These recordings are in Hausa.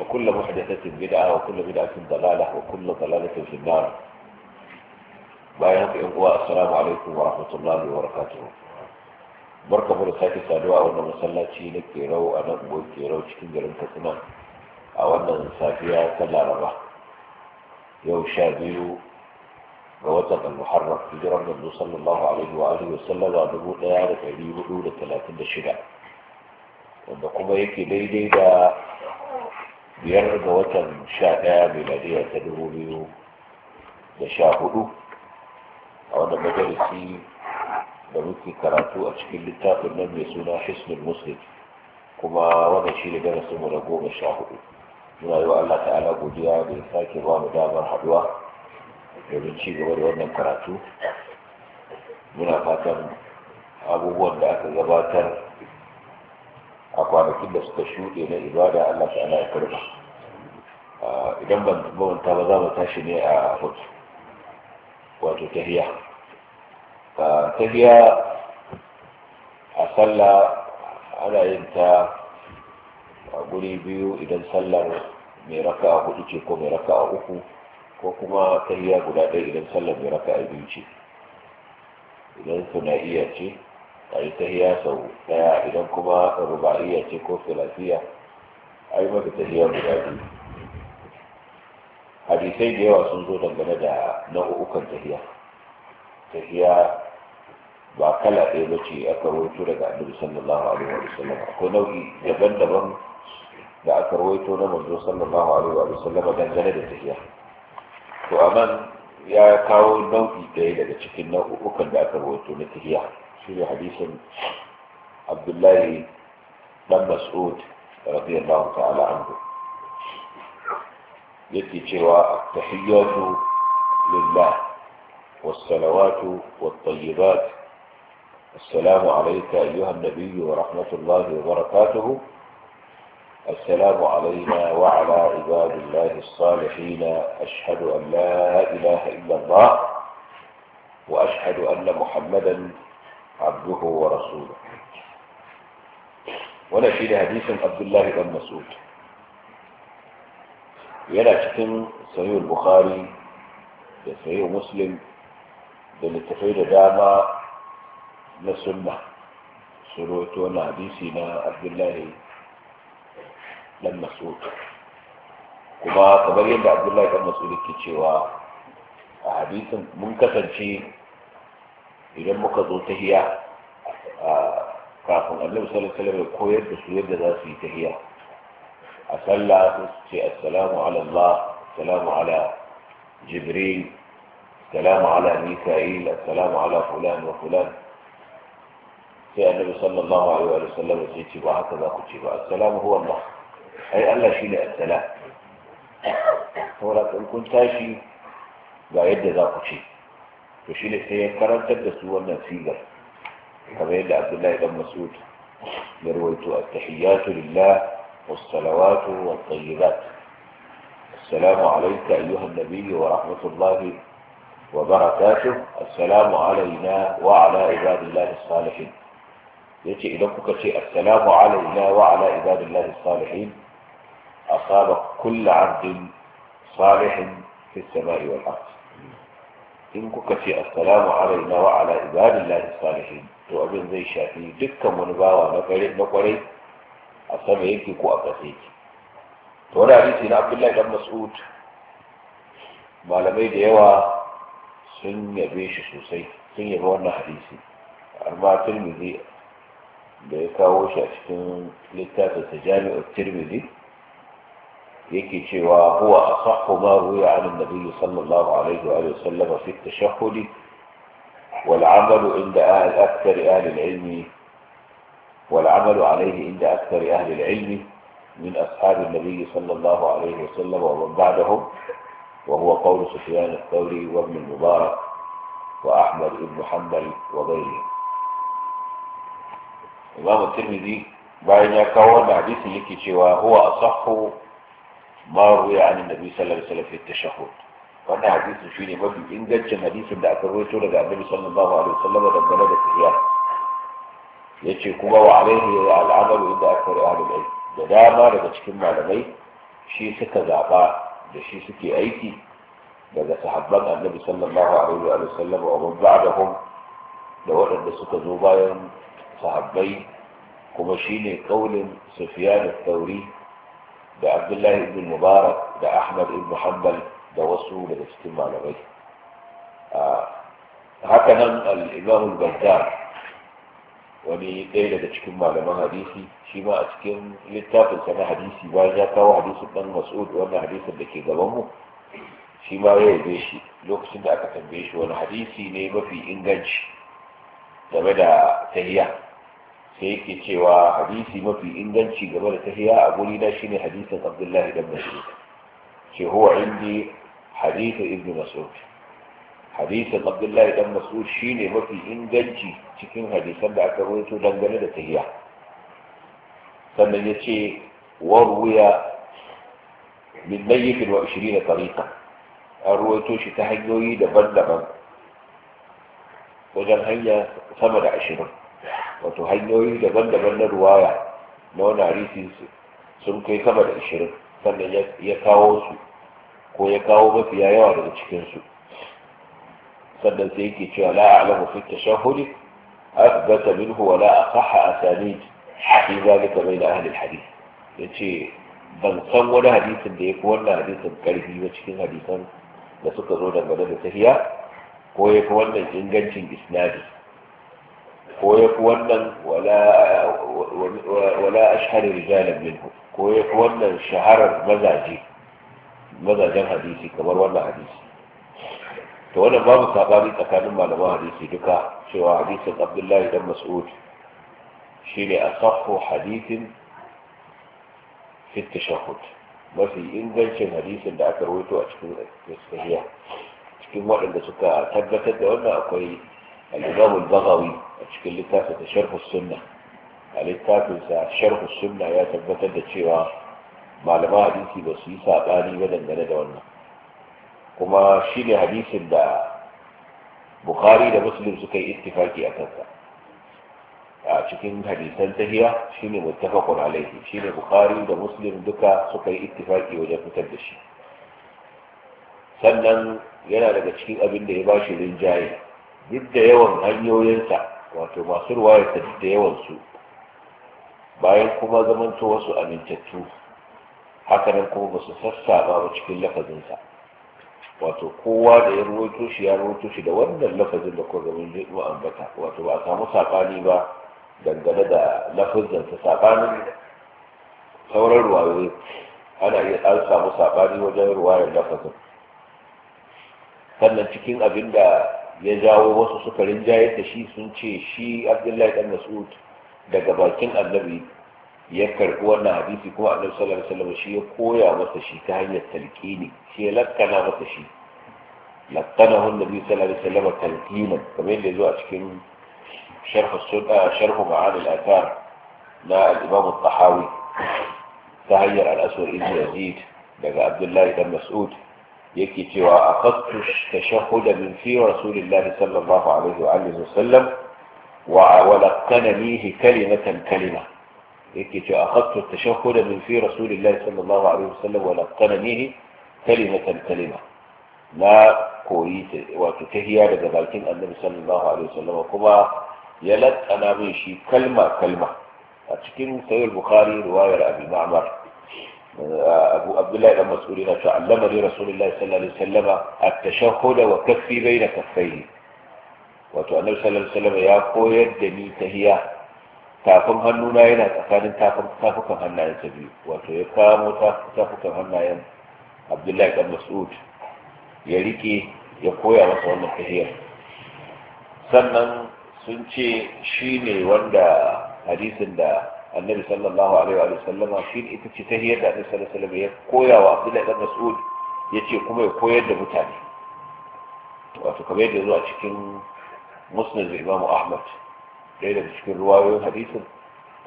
وكل محدثة بدعة وكل بدعة ضلالة وكل ضلالة في النار بايات إخوة السلام عليكم ورحمة الله وبركاته بركة فرصات السادة وأنا مسلا تشيني كيرو أنا أبوي كيرو تشكين جرم كتنا أو أنا نسافيا كلا ربا يوم شابيو بوتد المحرم في جرم صلى الله عليه وآله وسلم وأنبو لا يعرف أي بلولة شراء وأنبو يكي ليدي دا biyar ga watan sha ɗaya miladiyar ta dubu biyu da sha hudu a wanda majalisi da muke karatu a cikin littafin nan mai suna hisnul muslim kuma wannan shi ne darasinmu na goma sha hudu muna yi wa allah ta'ala godiya da ya sake ba mu damar haduwa domin ci gaba da wannan karatu muna fatan abubuwan da aka gabatar a kwanakin da suka shuɗe na ibada Allah ta'ala ya karba idan ban ba za mu tashi ne a hutu wato tahiya tahiya a sallah ana yin ta a guri biyu idan sallar mai raka'a hudu ce ko mai raka a uku ko kuma tahiya guda ɗaya idan sallar mai raka a biyu ce idan suna iya ce a yi hiya sau daya idan kuma rubariya ce ko filafiya. a yi ta hiya guda biyu hadisai da yawa sun zo dangane da nau'ukan ta hiya ba kala ɗaya ba ce a rawaito daga annabi sallallahu alaihi wa sallam akwai nau'i daban-daban da aka rawaito na manzo sallallahu alaihi wa sallam dangane da tahiya to anan ya kawo nau'i ɗaya daga cikin nau'ukan da aka rawaito na hiya في حديث عبد الله بن مسعود رضي الله تعالى عنه يكي جوا التحيات لله والصلوات والطيبات السلام عليك أيها النبي ورحمة الله وبركاته السلام علينا وعلى عباد الله الصالحين أشهد أن لا إله إلا الله وأشهد أن محمدا عبده ورسوله ولا في حديث عبد الله بن مسعود yana cikin sahihul bukhari da sahihul muslim da littafai da dama na sunna su na hadisi na abdullahi dan kuma kamar yadda abdullahi dan mas'ud ke cewa a hadisin mun kasance idan muka zo tahiya kafin annabi sallallahu alaihi ya koyar da su yadda za su yi tahiya a sallah su ce assalamu ala Allah assalamu ala jibril assalamu ala mika'il assalamu ala fulan wa fulan sai annabi sallallahu alaihi wa sallam ya ce ba haka za ku ce ba assalamu huwa Allah ai Allah shine assalam kun tashi ga yadda za ku ce to shi ne sai ya karantar da su wannan sigar kamar yadda abdullahi dan masud ya rawaito at tahiyatu lillah was-salawatu wat-tayyibat السلام عليك أيها النبي ورحمة الله وبركاته السلام علينا وعلى عباد الله الصالحين يأتي إذا كنت السلام علينا وعلى عباد الله الصالحين أصاب كل عبد صالح في السماء والأرض in kuka ce assalamu alaina wa ala ibadillahi salihin to abin zai shafi dukkan wani bawa na kwarai na kware a sama yake ko a ƙasa yake to wani hadisi na abdullahi dan mas'ud malamai da yawa sun yabe shi sosai sun yabe wannan hadisi amma tirmidhi da ya kawo shi a cikin littafin ta jami'ar tirmidhi yake cewa huwa asahhu ma ruya an annabi sallallahu alaihi wa sallam fi at-tashahhud wal 'amalu inda akthar ahli al-'ilm wal 'amalu alayhi inda akthar ahli al-'ilm من أصحاب النبي صلى الله عليه وسلم ومن بعدهم وهو قول سفيان الثوري وابن المبارك وأحمد بن حنبل وغيرهم إمام الترمذي bayan ya kawo wannan hadisin yake cewa huwa asahhu ما روي عن النبي صلى الله عليه وسلم في التشهد وانا حديث شيني ما في انجاج حديث ده اكرويته لدى النبي صلى الله عليه وسلم دبنا ده سيار يجي كما وعليه العمل عند اكثر اهل العلم ده داما daga cikin malamai shi suka zaba da shi suke aiki daga sahabban annabi sallallahu alaihi wa sallam wa man ba'dahum da waɗanda suka zo bayan sahabbai kuma shine kaulin sufyan al-thawri ده عبد الله بن المبارك ده احمد بن حنبل ده وصول الاجتماع لغيره هكذا الامام البزار وني ديلا ده تشكم على ما حديثي شما اتكم يتافل سنة حديثي واجا كاو حديث ابن مسعود وانا حديث اللي كي قبامه شما ايه بيشي لوك سنة اكتن بيشي وانا حديثي ما في انجج تبدا تهيئة sai yake cewa hadisi mafi inganci game da tahiya a guri na shine hadisin abdullahi dan mas'ud ce huwa indi hadisi Ibn mas'ud hadisin abdullahi dan mas'ud shine mafi inganci cikin hadisan da aka rawaito dangane da tahiya sannan ya ce wa ruya min mayyitin wa 20 tariqa an rawaito shi ta hanyoyi daban-daban wajen hanya sama da ashirin wato hanyoyi daban-daban na ruwaya na wani harisinsu sun kai sama da ashirin sannan ya kawo su ko ya kawo mafiya yawa daga cikinsu sannan sai yake cewa la'a a'lamu fi a athbata minhu wa sami haɗi asanid fi zalika bayna ahli Ya ce, ban san wani hadisin da ya fi wannan hadisin karfi ba cikin hadisan da suka zo daga da tafiya, ko ya fi wannan ingancin isnadi كويك ولا ولا أشهر رجالا منه كويك ولن شهر ماذا جي ماذا جن حديثي كبر ولا حديثي تو أنا ما بتابعني تكلم مع لما حديثي دكا شو حديث عبد الله بن مسعود شيني أصح حديث في التشهد ما في إنجاز حديث اللي أكرويته أشكون أشكون أشكون ما عندك سكا تبتدأ أنا أقول الإمام البغوي a cikin littafin da sharhu sunna a littafinsa sharhu sunna ya tabbatar da cewa malaman hadisi ba su yi saɓani ba dangane da wannan kuma shi ne hadisin da bukhari da muslim suka yi ittifaki a kansa a cikin hadisan tahiya shi muttafaqun alaihi shine bukhari da muslim duka suka yi ittifaki wajen fitar da shi sannan yana daga cikin abin da ya bashi rinjaye duk da yawan hanyoyinsa wato masu ruwayar ta da yawansu bayan kuma zamanto wasu amintattu hakanan kuma ba su sassaba ba cikin lafazinsa wato kowa da ya ruwaito shi ya ruwaito shi da wannan lafazin da kuma gaban zai mu ambata wato ba a samu saɓani ba dangane da lafazin ta saɓanin sauran ruwaye ana iya an samu saɓani wajen ruwayar lafazin sannan cikin abin da ya jawo wasu sukarin rinjayar da shi sun ce shi abdullahi dan mas'ud daga bakin annabi ya karbi wannan hadisi kuma annabi sallallahu alaihi shi ya koya masa shi ta hanyar talqini shi ya lakkana masa shi lakkanahu annabi sallallahu alaihi wasallam talqinan kamar yadda zuwa cikin sharh as-sunna sharh ma'an al-athar na al-imam al-tahawi ta hanyar al-aswar ibn yazid daga abdullahi dan mas'ud yake cewa a kastu da min fi rasulillah sallallahu alaihi wa alihi wasallam wa walaqana lihi kalimatan kalima yake cewa akhadtu tashahhuda min fi rasulillah sallallahu alaihi wasallam wa laqana kalimatan kalima na koyi wato tahiya daga bakin annabi sallallahu alaihi wasallam kuma ya latsana min shi kalma kalma a cikin sahih bukhari ruwayar abi ma'mar abu abdullahi dan mas'ud yana cewa allama li rasulullahi sallallahu alaihi wasallama at-tashahhud wa kaffi baina kaffayhi wato annabi sallallahu alaihi wasallama ya koyar da ni tahiyya tafin hannuna yana tsakanin tafukan hannayen ta biyu wato ya kamo tafukan hannayen abdullahi dan mas'ud ya rike ya koya masa wannan tahiyar sannan sun ce shi ne wanda hadisin da annabi sallallahu alaihi wa sallama shi ita ce hiyar da annabi sallallahu alaihi wa sallam ya koya wa abdullahi dan mas'ud ce kuma ya koyar da mutane wato kamar yadda zuwa cikin musnad imamu ahmad ɗaya daga cikin ruwayoyin hadisin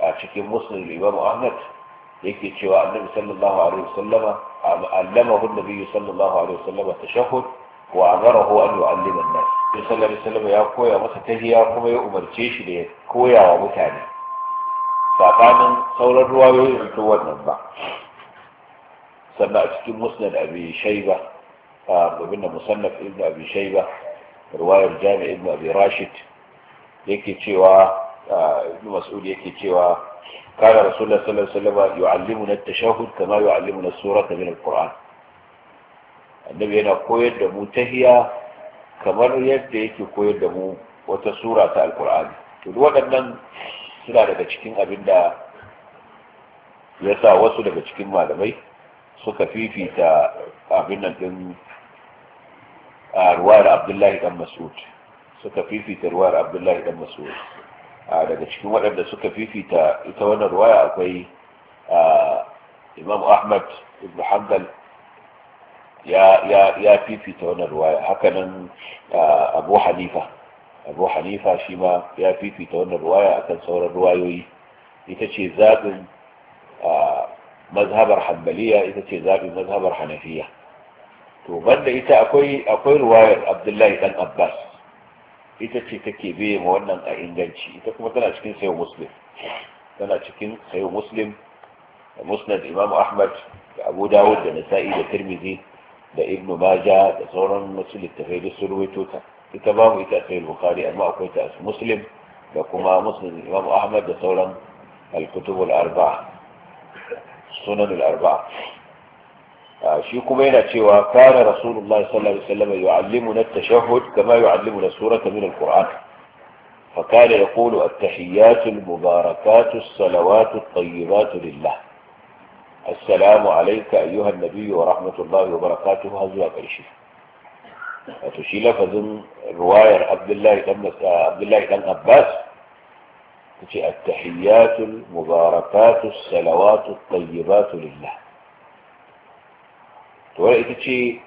a cikin musnad imamu ahmad yake cewa annabi sallallahu alaihi wa sallama allamahu annabi sallallahu alaihi wa sallama tashahhud wa amarahu an yu'allima an-nas sallallahu alaihi wa sallama ya koya masa tahiya kuma ya umarce shi da ya koya wa mutane sabanin sauran ruwa yi to wannan ba sannan a cikin musnad abi shaiba abin da musannaf ibn abi shaiba ruwayar jami ibn abi rashid yake cewa ibn mas'ud yake cewa kana rasulullah sallallahu alaihi wasallam yu'allimuna at-tashahhud kama yu'allimuna as-surata min al-qur'an annabi yana koyar da mu tahiya kamar yadda yake koyar da mu wata sura ta al to waɗannan suna daga cikin abin da ya sa wasu daga cikin malamai suka fifita abin nan din a ruwar abdullahi dan masud suka fifita ruwar abdullahi dan masud a daga cikin waɗanda suka fifita ita wannan ruwaya akwai imam ahmad ibn hanbal ya fifita wannan ruwaya hakanan abu hanifa abu hanifa shi ma ya fifita wannan ruwaya akan sauran ruwayoyi ita ce zaɓin mazhabar hanbaliya ita ce zaɓin mazhabar hanafiya to banda ita akwai akwai ruwayar abdullahi dan abbas ita ce take biye ma wannan a inganci ita kuma tana cikin sayo muslim tana cikin sayo muslim da musnad imam ahmad da abu dawud da nasa'i da tirmidhi da ibnu maja da sauran wasu littafai da sun ta ita babu ita sai bukhari amma akwai ta muslim da kuma muslim imam ahmad da sauran al-kutub al-arba'a sunan al arba shi kuma yana cewa kana rasulullahi sallallahu alaihi wasallam yu'allimuna at-tashahhud kama yu'allimuna surata min al-qur'an فكان يقول التحيات المباركات الصلوات الطيبات لله السلام عليك أيها النبي ورحمة الله وبركاته هذا قريشه تشيل فظن رواية عبد الله بن عبد الله بن عباس التحيات المباركات الصلوات الطيبات لله تورئت شيء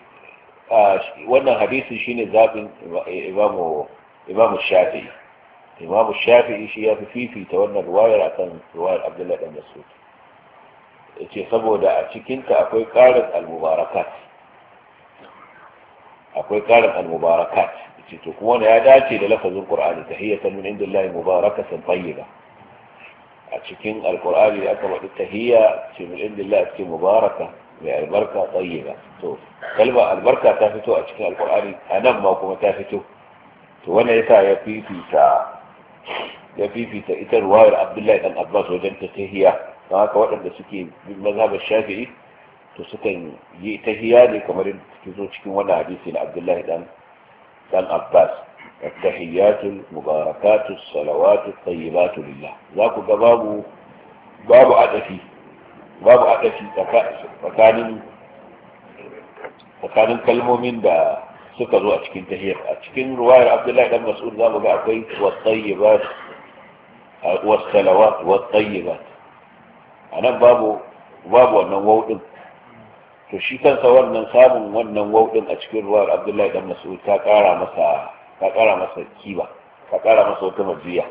آه، وانا حديث شين ذاب امام امام الشافعي امام الشافعي شيء في في في تورنا رواية عن رواية عبد الله بن مسعود شيء صبوا دا شيء كنت اقول قارئ المباركات akwai karin al-mubarakat ce to kuma ne ya dace da lafazin qur'ani tahiyatan min indillahi mubarakatan tayyiba a cikin alqur'ani da aka faɗi tahiyya ce min indillahi ce mubaraka mai albarka tayyiba to kalma albarka ta fito a cikin al-Qur'ani anan ma kuma ta fito to wannan yasa ya fifita ya fifita ita ruwayar abdullahi dan abbas wajen tahiyya don haka waɗanda suke bin mazhabar shafi'i to sukan yi tahiyya ne kamar yadda suke zo cikin wani hadisi na abdullahi dan dan abbas tahiyatul mubarakatus salawatu tayyibatu lillah za ku ga babu babu adafi babu adafi tsakanin tsakanin kalmomin da suka zo a cikin tahiyar. a cikin ruwayar abdullahi dan mas'ud za mu ga akwai wasayyibat wasalawat wasayyibat anan babu babu wannan wau to shi kansa wannan samun wannan wauɗin a cikin ruwa abdullahi dan mas'ud ta ƙara masa ta ƙara masa kiba ta ƙara masa wata majiya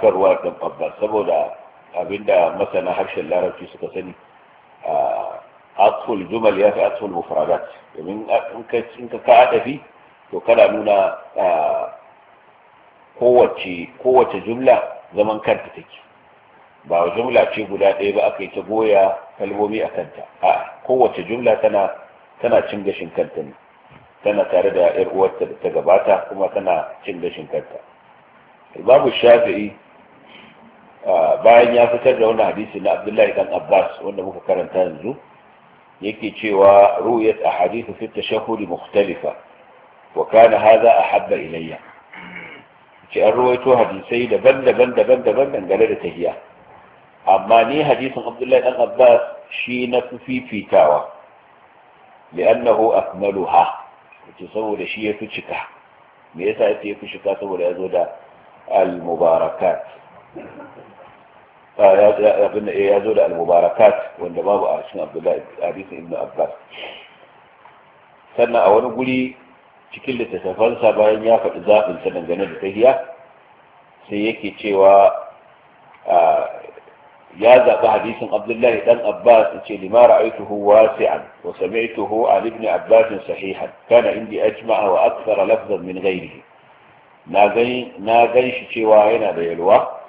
kan ruwa dan abbas saboda abinda masana harshen larabci suka sani atul jumal ya fi atul mufradat domin in ka ka adafi to kana nuna kowace kowace jumla zaman kanta take ba jumla ce guda ɗaya ba aka yi ta goya kalmomi a kanta a'a kowace jumla tana tana cin gashin kanta ne tana tare da yar uwarta da ta gabata kuma tana cin gashin kanta babu shafi'i bayan ya fitar da wani hadisi na abdullahi dan abbas wanda muka karanta yanzu yake cewa ru'yat ahadithu fi tashahhud mukhtalifa wa kana hadha ahabba ilayya ce an ruwaito hadisai daban-daban daban-daban dangane da tahiya amma ni hadisin abdullahi dan abbas shi na fi fifitawa li'annahu akmaluha wace saboda shi ya fi cika me yasa yace ya fi cika saboda ya zo da al-mubarakat ah, eh, ya zo da al-mubarakat wanda babu a cikin abdullahi hadisin ibnu abbas sannan a wani guri cikin littattafansa bayan ya faɗi zaɓinsa dangane da tahiya sai yake cewa ah, ya zaɓi hadisin abdullahi dan abbas ce lima ra'aituhu wasi'an wa sami'tuhu an ibn abbas sahihan kana indi ajma'a wa akthara lafzan min ghairihi na gani na gani shi cewa yana da yalwa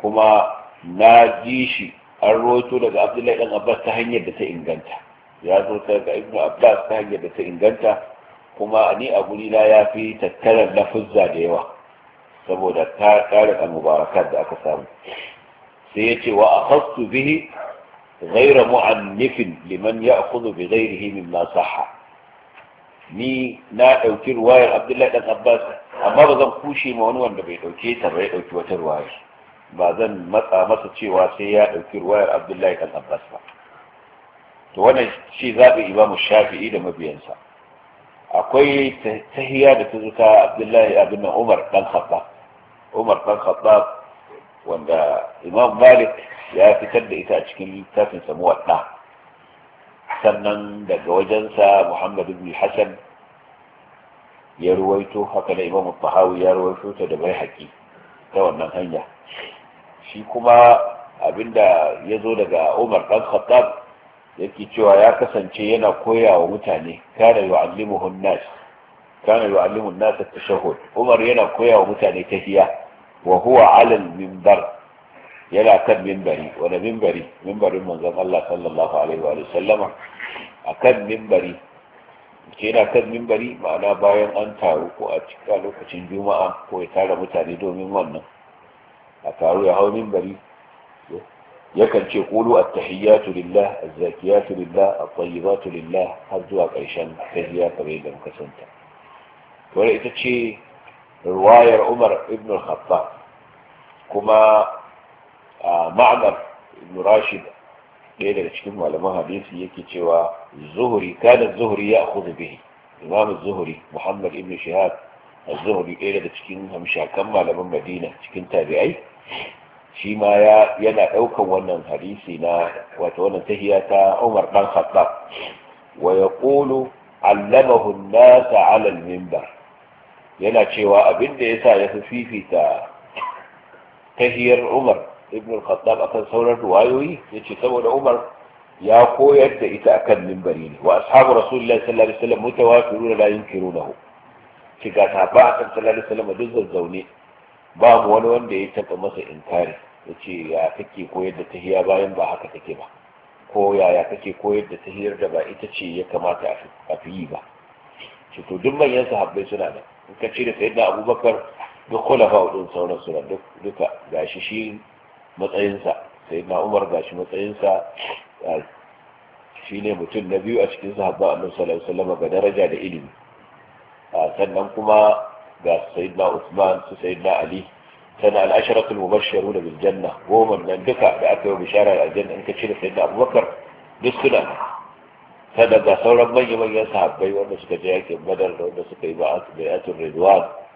kuma na ji shi an roto daga abdullahi dan abbas ta hanyar da ta inganta ya zo daga ibn abbas ta hanyar da ta inganta kuma ni a guri na ya fi tattalar lafuzza da yawa saboda ta ƙara mubarakat da aka samu sai ya ce wa akhadtu bihi ghayra mu'annifin liman ya'khudhu bi ghayrihi mimma sahha ni na ɗauki ruwayar Abdullahi ɗan Abbas amma ba zan kushe ma wani wanda bai ɗauke ta ba ya ɗauki wata ruwayar ba zan matsa masa cewa sai ya ɗauki ruwayar Abdullahi ɗan Abbas ba to wannan shi zaɓi imamu shafi'i da mabiyansa akwai tahiya da ta zuka abdullahi abin umar dan khattab umar ɗan khattab wanda imam malik ya fitar da ita a cikin littafin samu wadda, sannan daga wajensa muhammad ibn Hassan ya ruwaito haka na imam fahawi ya ruwaito ta da bai haƙi ta wannan hanya shi kuma abinda ya zo daga umar dan khattab yake cewa ya kasance yana koya wa mutane kana yu'allimuhun nas kana yu'allimun nas ta umar yana koya wa mutane tahiyya wa huwa alal minbar yana kan minbari wani minbari minbarin manzon Allah sallallahu alaihi wa sallama a kan minbari yana kan minbari ma'ana bayan an taru ko a cika lokacin juma'a ko ya tara mutane domin wannan a taru ya hau minbari yakan ce kulu at-tahiyyatu lillah az-zakiyatu lillah at-tayyibatu lillah har zuwa ƙarshen tahiyya kare da muka santa to ita ce riwayar Umar ibn al-Khattab kuma ma'anar ibn rashid ɗaya daga cikin malaman hadisi yake cewa zuhuri kana zuhuri ya akhudhu bihi imam zuhuri muhammad ibn shihab a zuhri ɗaya daga cikin hamshakan malaman madina cikin tabi'ai shi ma yana ɗaukan wannan hadisi na wata wannan tahiya ta umar dan khattab wa yaqulu allamahu an-nas mimbar yana cewa abin da yasa ya fi fifita tahiyar umar ibn khattab akan sauran ruwayoyi yace saboda umar ya koyar da ita akan mimbari ne wa ashabu rasulullahi sallallahu alaihi wasallam mutawafiruna la yunkirunahu ki ga a akan sallallahu alaihi wasallam duk zazzaune mu wani wanda ya taba masa inkari yace ya kake koyar da tahiya bayan ba haka take ba ko yaya kake koyar da tahiyar da ba ita ce ya kamata a fi yi ba to duk manyan sahabbai suna da. in ka ce da sayyidina abubakar duk khulafa din sauran su duk duka gashi shi matsayinsa sai na umar gashi matsayinsa shi ne mutum na biyu a cikin sahabba annabi sallallahu alaihi wasallam ga daraja da ilimi sannan kuma ga sayyidina Usman su sayyidina Ali sana al-asharatu al-mubashsharun bil janna goma nan duka da aka yi bishara da aljanna in ka cire sayyidina Abubakar duk suna sannan ga sauran manyan manyan sahabbai wanda suka je yakin Badar da wanda suka yi ba'atul Ridwan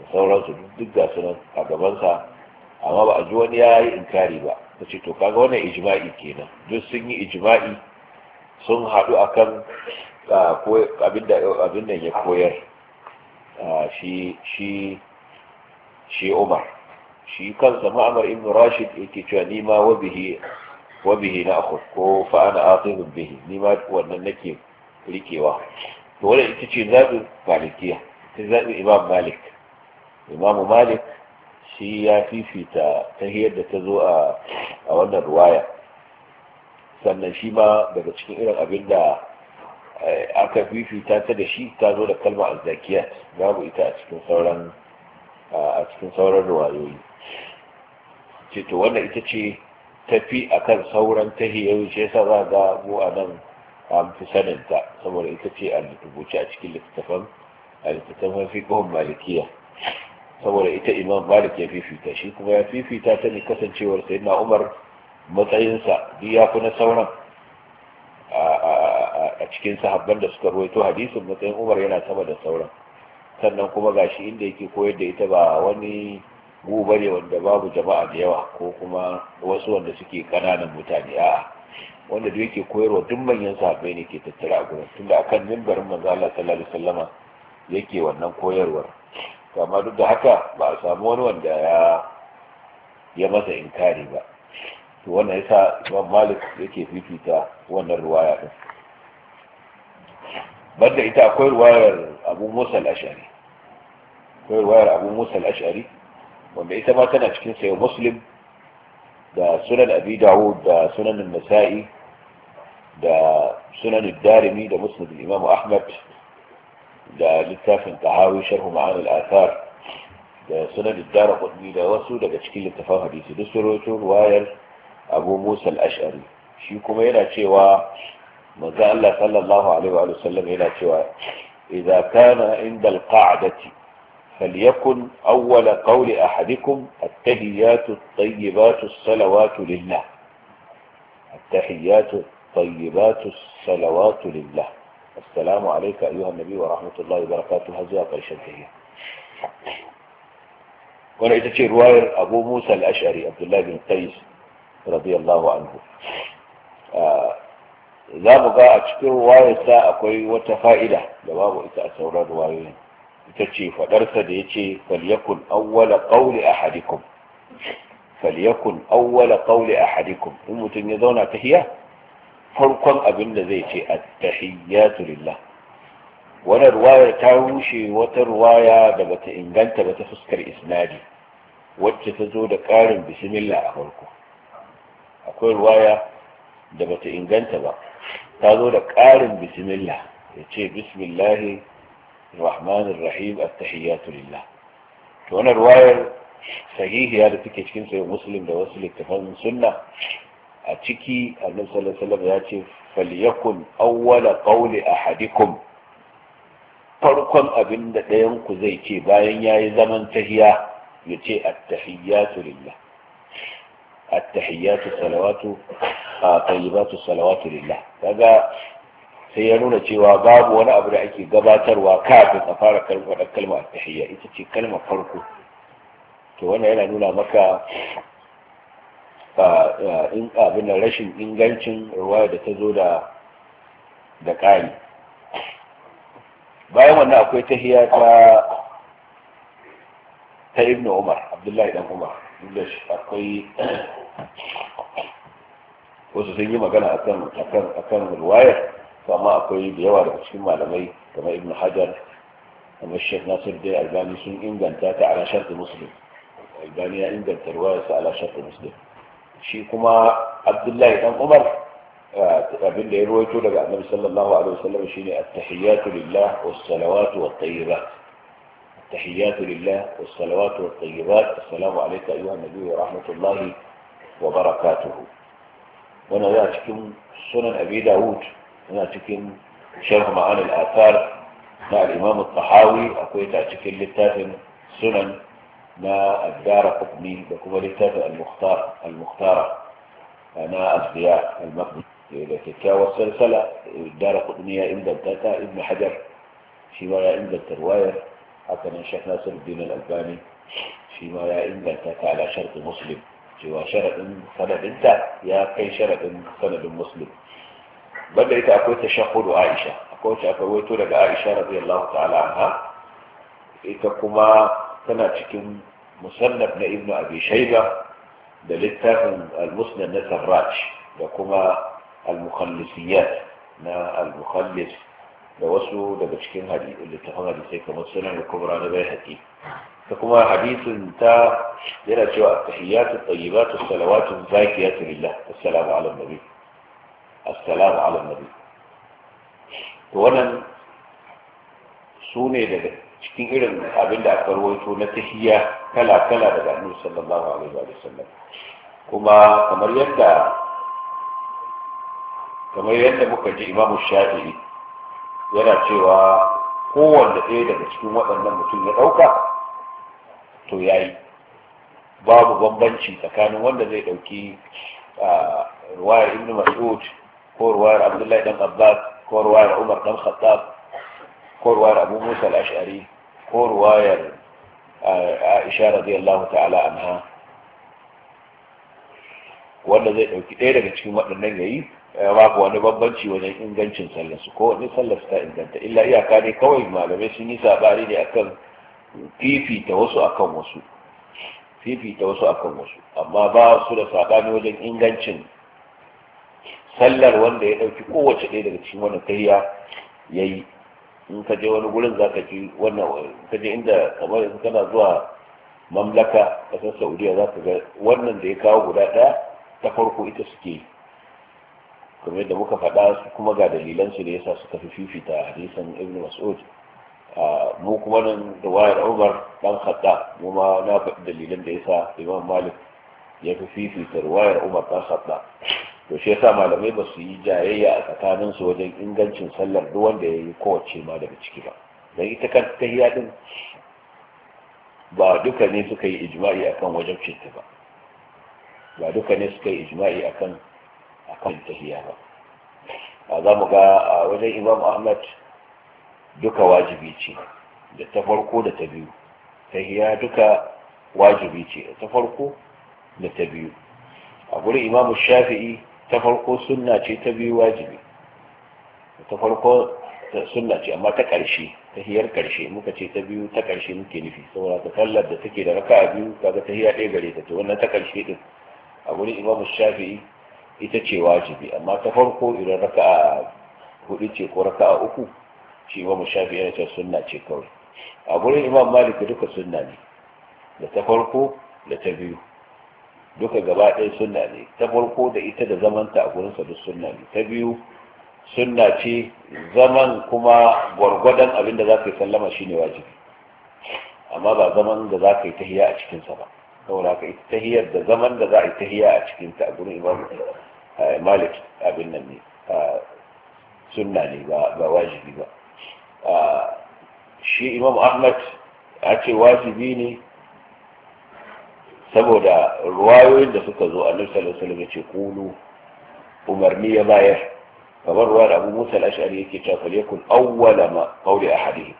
da sauransu duk ga sunan a gabansa amma ba a ji wani ya yi inkari ba ta ce to kaga wannan ijma'i kenan duk sun yi ijma'i sun haɗu akan abin da ya koyar shi shi shi umar shi kansa ma'amar ibn rashid yake cewa ni ma wabihi wabihi na akhud ko fa ana aqibun bihi ni ma wannan nake rikewa to wannan ita ce zabi malikiya ta zabi imam malik imamu malik shi ya fifita hiyar da ta zo a wannan ruwaya sannan shi ma daga cikin irin abin da eh, aka fifita ta da shi ta zo da kalma azzakiyat babu ita a cikin sauran a cikin sauran ruwayoyi ce to wannan ita ce tafi akan sauran tahiyoyi shi yasa za ga mu a nan an fi saninta saboda ita ce a rubuce a cikin littattafan a littattafan malikiya saboda ita imam malik ya fifita shi kuma ya fifita ta ne kasancewar sai na umar matsayinsa duk ya fi na sauran a cikin sahabban da suka ruwaito hadisin matsayin umar yana sama da sauran sannan kuma gashi inda yake koyar da ita ba wani gu ne wanda babu jama'a da yawa ko kuma wasu wanda suke kananan mutane a'a wanda duk yake koyarwa duk manyan sahabbai ne ke tattara a gurin tunda akan mimbarin manzo Allah sallallahu alaihi wasallama yake wannan koyarwar kama duk da haka ba a samu wani wanda ya ya masa inkari ba to wannan yasa imam malik yake fifita wannan ruwaya din banda ita akwai ruwayar abu musa al-ashari akwai ruwayar abu musa al-ashari wanda ita ma tana cikin sayyid muslim da sunan abi dawud da sunan nasa'i da sunan darimi da musnad imam ahmad دا لتافن تعاوي شرح معان الآثار دا سند الدار قدمي دا وصو دا تشكيل التفاوه حديثي دا سروتو رواير أبو موسى الأشعري شيكو مينا تشيوا مزا الله صلى الله عليه وآله وسلم هنا تشيوا إذا كان عند القعدة فليكن أول قول أحدكم التهيات الطيبات الصلوات لله التحيات الطيبات الصلوات لله السلام عليك أيها النبي ورحمة الله وبركاته هزوا قيش الدهية وانا اذا في رواية ابو موسى الاشعري عبد الله بن قيس رضي الله عنه اذا آه، بقى اتشكي رواية سا اقوي وتفائدة لبابو اتا اتورى رواية اتشي فدرس ديتي فليكن اول قول احدكم فليكن اول قول احدكم امو تنيدون اتهيه farkon abin da zai ce at-tahiyyatu lillah wani ruwaya ta rushe wata ruwaya da bata inganta ba ta fuskar isnadi wacce ta zo da ƙarin bismillah a farko akwai ruwaya da bata inganta ba ta zo da ƙarin bismillah ya ce bismillahi rahmanir rahim at-tahiyyatu lillah to wani ruwayar sahihiya da take cikin sahih muslim da wasu littafan sunna a ciki a sallallahu ya ce falyakun awwala qawli ahadikum farkon abin da ɗayan ku zai ce bayan ya yi zaman tahiya ya ce at lillah at salawatu, salawatu tayyibatu salawatu lillah kaga sai ya nuna cewa babu wani abu da ake gabatarwa kafin a fara kalmar kalmar at-tahiyya ita ce kalmar farko to wannan yana nuna maka abin da rashin ingancin ruwaya da ta zo da da ƙari bayan wannan akwai tahiya ta ta ibn umar abdullahi dan umar inda akwai wasu sun yi magana akan akan akan ruwayar amma akwai da yawa daga cikin malamai kamar ibn hajar kamar shek nasir dai albani sun inganta ta ala sharti muslim albani ya inganta ruwayarsa ala sharti muslim shi kuma abdullahi dan umar eh, abin ya ruwaito daga annabi sallallahu alaihi lillah was-salawatu wat-tayyibat at-tahiyatu lillah wa rahmatullahi wa barakatuh wana cikin sunan abi daud yana cikin sharh ma'an al-athar na al-imam at-tahawi akwai ta cikin littafin sunan ما الدار قطني بكم لتابع المختار المختار أنا أزياء المقدس إذا تكاوى السلسلة الدار قطنية عند الداتا ابن حجر شوايا عند الترواية حتى ننشأ ناصر الدين الألباني شوايا عند الداتا على شرط مسلم شوا شرط صنب انت يا كي شرط صنب مسلم بدأت أقول تشخل عائشة أقول تشخل عائشة رضي الله تعالى عنها إذا كما تنا مسنة بن ابن أبي شيبة دلتا المسنة نسر راج لكما المخلصيات نا المخلص لوسو لبشكين هدي اللي تفهم هدي سيكا مسنة الكبرى نبي هدي فكما حديث تا دينا شو التحيات الطيبات والصلوات الزاكيات لله السلام على النبي السلام على النبي تولن سوني لبه cikin irin abin da aka rawaito na tahiyya kala kala daga annabi sallallahu alaihi wa sallam kuma kamar yadda kamar yadda muka ji imamu shafi'i yana cewa kowanne ɗaya daga cikin waɗannan mutum ya ɗauka to ya yi babu bambanci tsakanin wanda zai ɗauki ruwayar ibn mas'ud ko ruwayar abdullahi dan abbas ko ruwayar umar dan khattab ko ruwayar abu musa al'ashari ashari ko ruwayar eh, aisha radiyallahu ta'ala anha wanda zai ɗauki ɗaya daga cikin waɗannan yayi babu wani bambanci wajen ingancin sallarsu ko wani sallarsu ta inganta illa iyaka ne kawai malamai sun yi sabari ne akan fifita wasu akan wasu fifita wasu akan wasu amma ba su da sabani wajen ingancin sallar wanda ya ɗauki kowace ɗaya daga cikin wani kariya ya yi in ka je wani gurin za ka ji wannan ka je inda kamar yanzu kana zuwa mamlaka ƙasar saudiya za ka ga wannan da ya kawo guda ɗaya ta farko ita suke kamar da muka faɗa su kuma ga dalilan su ne yasa suka fi fifita hadisan ibn mas'ud mu kuma nan da wayar umar dan khadda mu ma na faɗi dalilan da yasa imam malik ya fi fifita wayar umar dan khadda to shi yasa malamai ba su yi jayayya a tsakanin su wajen ingancin sallar duk wanda ya yi kowace ma daga ciki ba dan ita kan yi din ba duka ne suka yi ijma'i akan wajen cinta ba ba duka ne suka yi ijma'i akan akan yi ba a za mu ga a wajen imam ahmad duka wajibi ce da ta farko da ta biyu tahiyya duka wajibi ce da ta farko da ta biyu a gurin imam shafi'i ta farko sunna ce ta biyu wajibi ta farko sunna ce amma ta ƙarshe ta hiyar ƙarshe muka ce ta biyu ta ƙarshe muke nufi saboda ta sallar da take da raka'a biyu kaga ta hiya ɗaya gare ta to wannan ta ƙarshe din a gurin imamu shafi'i ita ce wajibi amma ta farko idan raka'a hudu ce ko raka'a uku shi imamu shafi'i yana cewa sunna ce kawai a gurin imam malik duka sunna ne da ta farko da ta biyu duka gaba ɗaya sunna ne ta farko da ita da zamanta a gurinsa duk sunna ne ta biyu sunna ce zaman kuma gwargwadon abin da za ka yi sallama ne wajibi amma ba zaman da za ka yi tahiya a cikinsa ba saboda ka ita tahiyar da zaman da za a yi tahiya a cikinta a gurin imam malik abin nan ne sunna ne ba wajibi ba shi imam ahmad a ce wajibi ne saboda ruwayoyin da suka zo a sallallahu da wasallam ce kulu umarni ya bayar kamar da Abu Musa al-Ash'ari yake ta falyakun awwala ma qawli ahadihim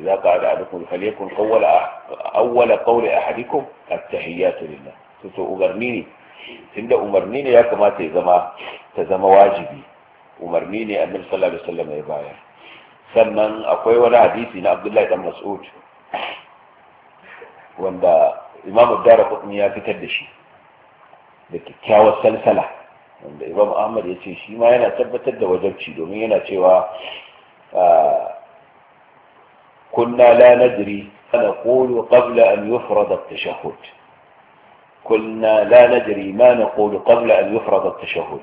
idza qa'ada ahadukum falyakun qawla awwala qawli ahadikum at-tahiyyatu lillah to umarni ne tunda umarni ne ya kamata ya zama ta zama wajibi umarni ne annabi sallallahu alaihi wasallam ya bayar sannan akwai wani hadisi na Abdullahi dan Mas'ud wanda imamu dara kudin ya fitar da shi da kyakkyawar salsala wanda imamu ahmad ya ce shi ma yana tabbatar da wajabci domin yana cewa kunna la nadri ana نقول قبل أن يفرض التشهد كنا لا ندري ما نقول qabla an يفرض التشهد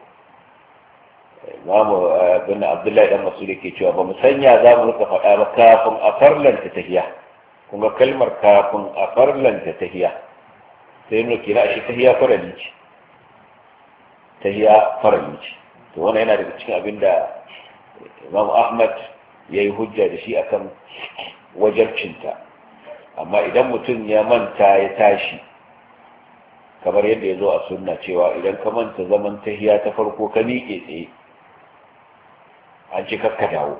إمام imamu عبد الله بن مسعود ke cewa ba mu sanya za mu rika faɗa ba kafin a farlanta tahiyya kuma kalmar kafin a farlanta tahiya sai nuna kira shi tahiya farali ce tahiya farali ce to wani yana daga cikin abin da imam ahmad ya yi hujja da shi akan cinta, amma idan mutum ya manta ya tashi kamar yadda ya zo a sunna cewa idan ka manta zaman tahiya ta farko ka miƙe tsaye an ce kakka dawo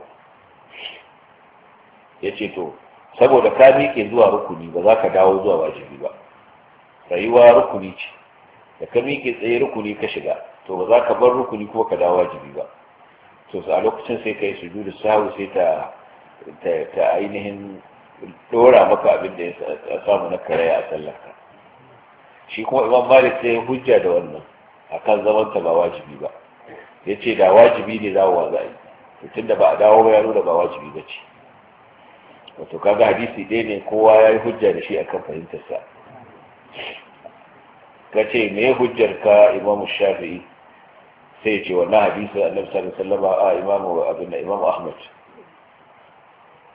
ya ce to saboda ka miƙe zuwa rukuni ba za ka dawo zuwa wajibi ba rayuwa rukuni ce da ka miƙe tsaye rukuni ka shiga to ba za ka bar rukuni kuma ka dawo wajibi ba to a lokacin sai ka yi sujudu sahu sai ta ta ainihin dora maka abin da ya samu na karaya a sallar ka. shi kuma imam malik sai ya hujja da wannan akan zaman ta ba wajibi ba ya da wajibi ne dawowa za a tunda ba a dawo ba ya nuna ba wajibi ba ce wato kaga hadisi dai ne kowa ya yi hujja da shi akan fahimtarsa ka ce me hujjar ka imamu shafi'i sai ya ce wannan hadisi a sallallahu da sallama a imamu abin da imamu ahmad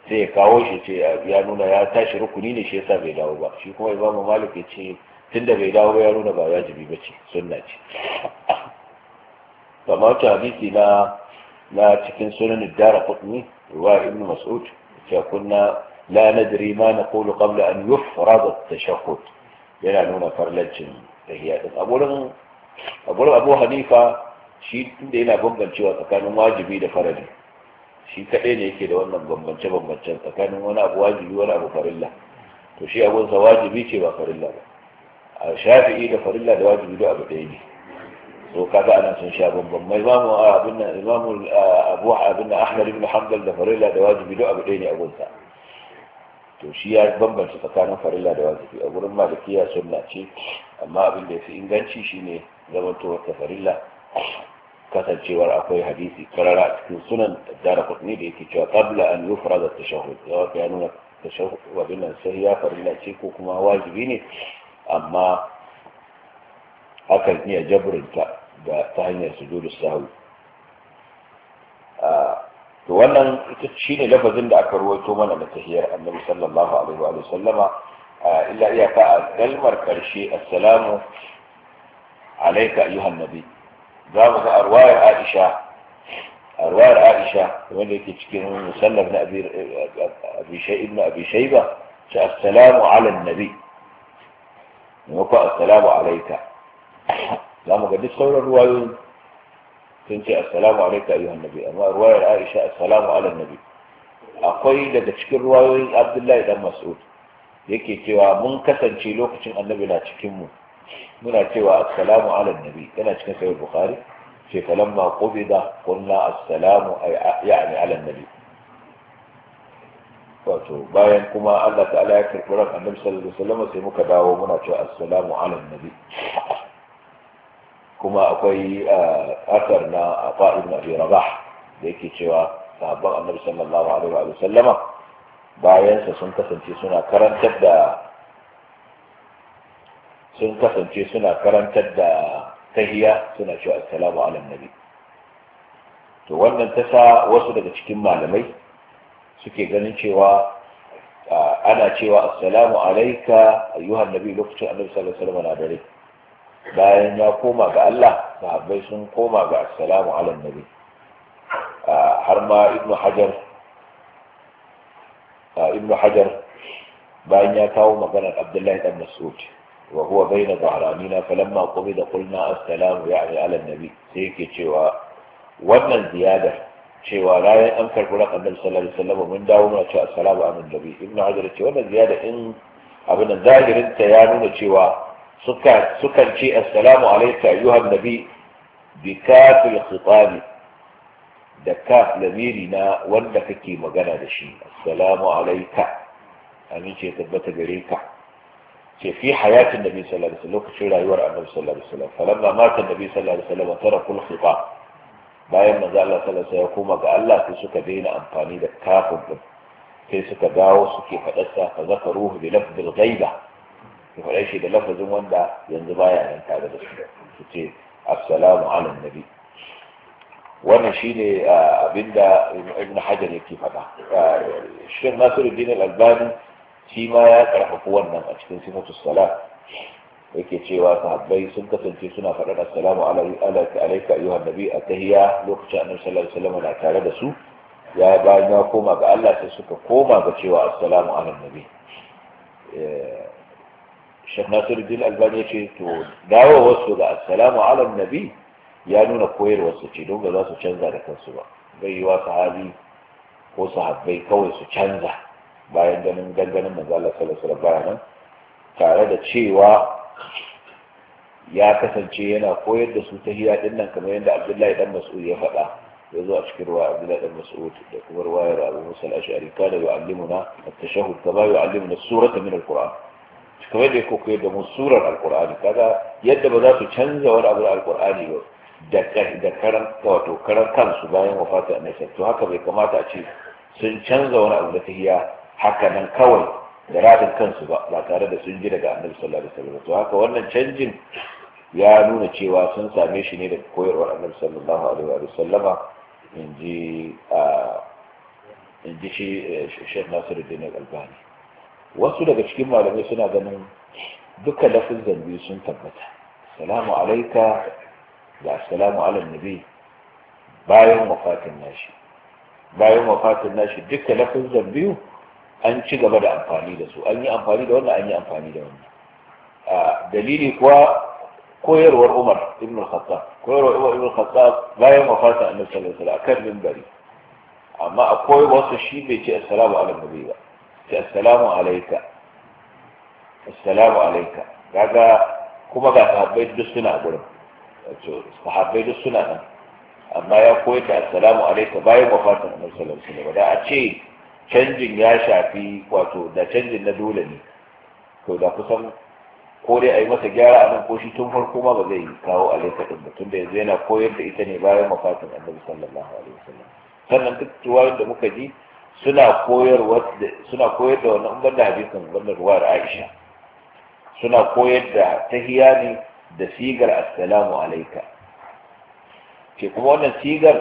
sai ya kawo shi ce ya nuna ya tashi rukuni ne shi yasa bai dawo ba shi kuma imamu malik ya ce tunda bai dawo ba ya nuna ba wajibi ba ce sunna ce wata hadisi na na cikin sunan dara ne? ruwa ibn mas'ud فكنا لا ندري ما نقول قبل أن يفرض التشهد yana nuna farlancin tahiya din aburin aburin hanifa shi tunda yana bambancewa tsakanin wajibi da farali shi kaɗai ne yake da wannan bambance bambancen tsakanin wani abu wajibi wani abu farilla to shi abunsa wajibi ce ba farilla ba a shafi'i da farilla da wajibi abu ɗaya ne وكذا انا شاب بن امام ابن امام ابو ابن احمد بن حنبل ده فريلا ده واجب له ابو ديني ابو ذا تو شيا بن بن فكان فريلا ده واجب ابو رمى لكيا سنه شي اما ابن ده في انغانشي شي ني زما تو فريلا كذا جوار اكو حديث كرر في سنن دار قطني دي كي قبل ان يفرض التشهد يا كانوا التشهد وبين السهيا فريلا شي كوكما واجبيني اما أكلت نية جبر الكعب تهنية سجود السهو to wannan ita shine lafazin da aka ruwaito mana na tahiyar annabi sallallahu alaihi wa sallama illa iya a kalmar karshe assalamu alayka ayyuhan nabi za mu ga arwayar aisha arwayar aisha wanda yake cikin musallaf na abi shay ibn abi shayba ta assalamu ala nabi maimakon assalamu alayka za mu ga duk sauran ruwayoyin sun ce assalamu alaikum ayyuhan nabi amma ruwayar aisha assalamu ala nabi akwai daga cikin ruwayoyin abdullahi dan mas'ud yake cewa mun kasance lokacin annabi na cikin mu muna cewa assalamu ala nabi yana cikin sahih bukhari ce falamma qubida qulna assalamu ya'ni ala nabi wato bayan kuma Allah ta'ala ya karɓi ran annabi sallallahu alaihi wasallam sai muka dawo muna cewa assalamu ala nabi kuma akwai asar na fa'in na rabah da yake cewa sahabban annabi sallallahu alaihi wa sallama bayansa sun kasance suna karantar da sun kasance suna karantar da tahiya suna cewa assalamu ala nabi to wannan ta sa wasu daga cikin malamai suke ganin cewa ana cewa assalamu alaika ayyuhan nabi lokacin annabi sallallahu alaihi wasallam na dare bayan ya koma ga Allah sahabbai sun koma ga assalamu ala nabi har ma ibnu hajar ibnu hajar bayan ya kawo maganar abdullahi dan mas'ud wa huwa bayna dhahranina falamma qubida qulna assalamu ya'ni ala nabi sai yake cewa wannan ziyadar cewa ranar an karɓi ran annabi sallallahu alaihi wasallam mun dawo muna cewa assalamu alaikum nabi ibn hajar ce wannan ziyada in abin da zahirin ta ya nuna cewa sukan ce assalamu alaika ayyuhan nabi bi kafil khitabi da ka lamiri na wanda kake magana da shi assalamu alayka amince tabbata gare ka ce fi hayatin nabi sallallahu alaihi wasallam lokacin rayuwar annabi sallallahu alaihi wasallam falamma mata nabi sallallahu alaihi wasallam tarakul khitab bayan manzo Allah sallallahu alaihi wasallam koma ga Allah sai suka daina amfani da kafin din sai suka dawo suke fadarsa fa zakaruhu bi lafzil ghaiba su faɗa shi da lafazin wanda yanzu baya nan tare da su su ce assalamu ala nabi wannan shine abinda ibn hajar yake faɗa shin nasiruddin al-albani shi ma ya karfafa wannan a cikin sifatu salat yake cewa sahabbai sun kasance suna faɗar assalamu alaika ayyuhan nabi a tahiya lokacin annabi sallallahu alaihi wasallam na tare da su ya bayan ya koma ga Allah sai suka koma ga cewa assalamu ala nabi eh, shek nasiruddin albani ya ce to dawowarsu ga assalamu ala nabi ya nuna koyarwarsu ce don ga za su canza da kansu ba bai yi wa sahabi ko sahabbai kawai su canza bayan ganin ganganin manzo sallallahu alaihi wasallam tare da cewa ya kasance yana koyar da su ta hiya din nan kamar yadda Abdullahi dan Mas'ud ya faɗa ya zo a cikin ruwa Abdullahi dan Mas'ud da kuma ruwayar Abu Musa al-Ash'ari kana yu'allimuna at-tashahhud kama yu'allimuna surata min al-Qur'an kamar da ko koyar da mu surar alqur'ani kaga yadda ba za su canza wani abu da alqur'ani ba da karan wato karan kansu bayan wafatin annabi to haka bai kamata a ce sun canza wani abu da tahiyya haka nan kawai da radin kansu ba ba tare da sun ji daga annabi sallallahu alaihi wasallam to haka wannan canjin ya nuna cewa sun same shi ne daga koyarwar annabi sallallahu alaihi wasallama in ji ah, shi eh, shek nasiruddin albani wasu daga cikin malamai suna ganin duka lafin biyu sun tabbata salamu alaika da salamu ala nabi bayan wafatin nashi bayan wafatin nashi duka lafin biyu an ci gaba da amfani da su an yi amfani da wannan an yi amfani da wannan a dalili kuwa koyarwar Umar ibn al-Khattab koyarwar Umar ibn al-Khattab bayan wafatin Annabi sallallahu alaihi wasallam kan minbari amma akwai wasu shi bai ce assalamu ala ba ce assalamu alaika assalamu alaika kaga kuma ga sahabbai duk suna gurin wato sahabbai duk suna nan amma ya koyar da assalamu alaika bayan wafatin annabi sallallahu alaihi wasallam da a ce canjin ya shafi wato da canjin na dole ne to da kusan ko dai a yi masa gyara a nan ko shi tun farko ma ba zai kawo alaika din mutum da yanzu yana koyar da ita ne bayan wafatin annabi sallallahu alaihi wasallam sannan duk tuwayoyin da muka ji suna koyar suna koyar da wannan banda hadisin wannan ruwar Aisha suna koyar da tahiyani ne da sigar assalamu alaika ke kuma wannan sigar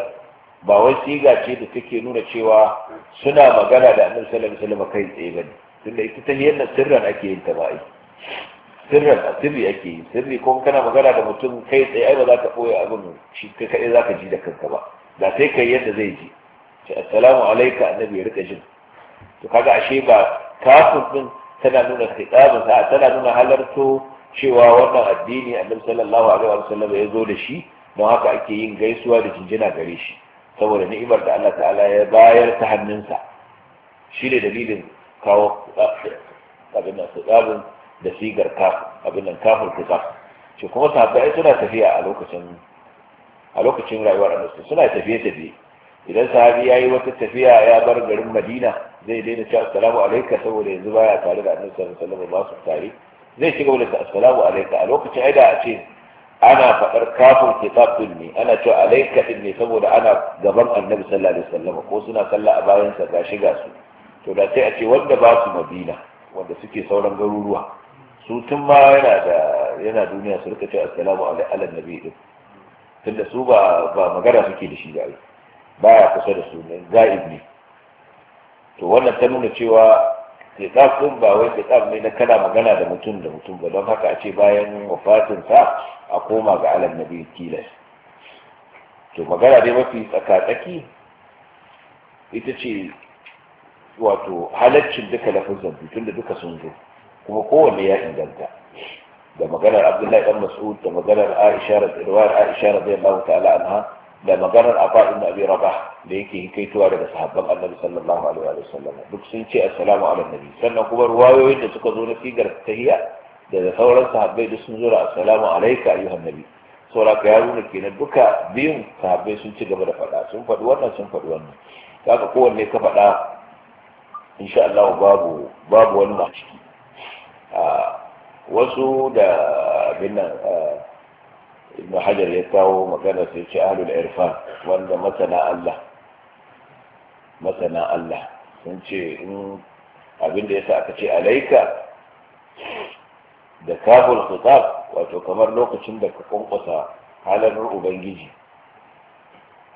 ba wai siga ce da take nuna cewa suna magana da annabi sallallahu alaihi wasallam kai tsaye bane tunda ita tahiyar nan sirran ake yin ta ba sirran asiri ake yi sirri ko kana magana da mutum kai tsaye ai ba za ka boye abin shi kai kai za ka ji da kanka ba da sai kai yadda zai ji ce assalamu alaika annabi ya rika jin to kaga ashe ba kafin din tana nuna khitabin sa tana nuna halarto cewa wannan addini annabi sallallahu alaihi wasallam ya zo da shi don haka ake yin gaisuwa da jinjina gare shi saboda ni'imar da Allah ta'ala ya bayar ta hannunsa shi ne dalilin kawo abin nan da sigar kafin abin nan kafin khitab shi kuma sahabbai suna tafiya a lokacin a lokacin rayuwar annabi suna tafiye tafiye idan sahabi ya yi wata tafiya ya bar garin madina zai daina cewa assalamu alaika saboda yanzu baya tare da annabi sallallahu alaihi wasallam ba su tare zai shiga wani assalamu alaika a lokacin aida a ce ana faɗar kafin kitab din ne ana cewa alaika din ne saboda ana gaban annabi sallallahu alaihi wasallam ko suna sallah a bayan sa ga shiga su to da sai a ce wanda ba su madina wanda suke sauran garuruwa su tun ma yana da yana duniya su rika cewa assalamu alaikum annabi din tunda su ba ba magana suke da shi da ai baya kusa da su ne ga'ib ne to wannan ta nuna cewa kitab din ba wai kitab ne na kana magana da mutum da mutum ba don haka a ce bayan wafatin sa a koma ga alam na nabi tilas to magana dai mafi tsakatsaki, ita ce wato halaccin duka lafazan tun da duka sun zo kuma kowanne ya inganta da maganar abdullahi dan mas'ud da maganar aisha radiyallahu aisha radiyallahu ta'ala anha da maganar faɗin da abin rabah da yake kaitowa daga sahabban annabi sallallahu alaihi wa sallam duk sun ce assalamu ala nabi sannan kuma ruwayoyin da suka zo na sigar tahiya da sauran sahabbai duk sun zo da assalamu alaika ayyuhan nabi saboda ka yaro ne kenan duka biyun sahabbai sun ci gaba da faɗa sun faɗi wannan sun faɗi wannan kaga kowanne ka faɗa insha Allah babu babu wani ma ciki ah, wasu da binna. ibn hajar ya kawo magana sai ce ahlul irfan wanda masana Allah masana Allah sun ce in abin da yasa aka ce alaika da kaful khitab wato kamar lokacin da ka kunkusa halar ubangiji